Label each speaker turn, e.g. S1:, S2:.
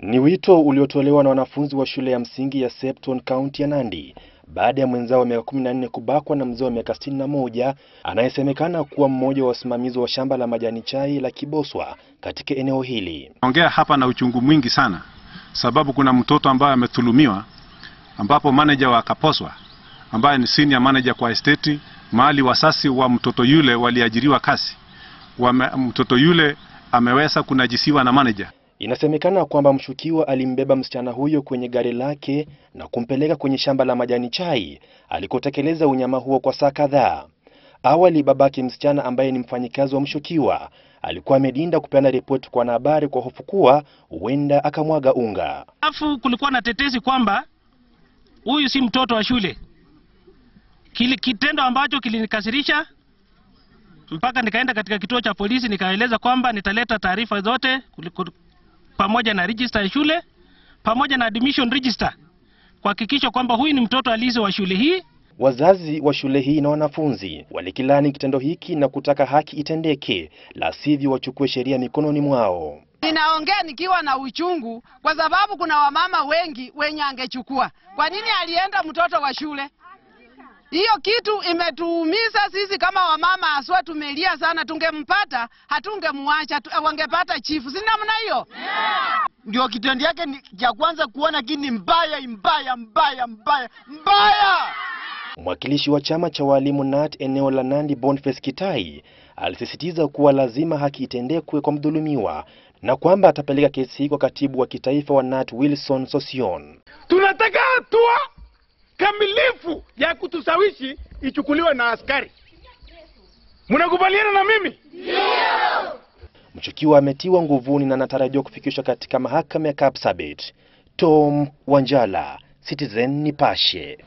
S1: Ni wito uliotolewa na wanafunzi wa shule ya msingi ya Septon County ya Nandi baada ya mwenzao wa miaka 14 kubakwa na mzee wa miaka 61 anayesemekana kuwa mmoja wa wasimamizi wa shamba la majani chai la Kiboswa katika eneo hili.
S2: Ongea hapa na uchungu mwingi sana, sababu kuna mtoto ambaye amethulumiwa, ambapo manager wa Kaposwa ambaye ni senior manager kwa estate mahali wasasi wa mtoto yule waliajiriwa kazi, mtoto yule ameweza kunajisiwa na manager.
S1: Inasemekana kwamba mshukiwa alimbeba msichana huyo kwenye gari lake na kumpeleka kwenye shamba la majani chai alikotekeleza unyama huo kwa saa kadhaa. Awali babake msichana ambaye ni mfanyikazi wa mshukiwa alikuwa amedinda kupeana ripoti kwa wanahabari kwa hofu kuwa huenda akamwaga unga.
S3: Alafu kulikuwa na tetesi kwamba huyu si mtoto wa shule. Kili, kitendo ambacho kilinikasirisha mpaka nikaenda katika kituo cha polisi nikaeleza kwamba nitaleta taarifa zote pamoja na register ya shule pamoja na admission register kuhakikisha kwamba huyu ni mtoto alizo wa shule hii.
S1: Wazazi wa shule hii na wanafunzi walikilani kitendo hiki na kutaka haki itendeke, la sivyo wachukue sheria mikononi mwao.
S4: Ninaongea nikiwa na uchungu kwa sababu kuna wamama wengi wenye angechukua. Kwa nini alienda mtoto wa shule? Hiyo kitu imetuumiza sisi kama wamama, aswa tumelia sana. Tungempata hatungemwacha, wangepata chifu, si namna hiyo? ndio kitendo yake cha kwanza kuona kini mbaya mbaya mbaya mbaya mbaya.
S1: Mwakilishi wa chama cha walimu NAT eneo la Nandi, Boniface Kitai alisisitiza kuwa lazima haki itendekwe kwa mdhulumiwa na kwamba atapeleka kesi hii kwa katibu wa kitaifa wa NAT Wilson Sosion.
S5: Tunataka hatua kamilifu ya kutusawishi ichukuliwe na askari. Mnakubaliana na mimi?
S1: Mshukiwa ametiwa nguvuni na anatarajiwa kufikishwa katika mahakama ya Kapsabet. Tom Wanjala, Citizen Nipashe.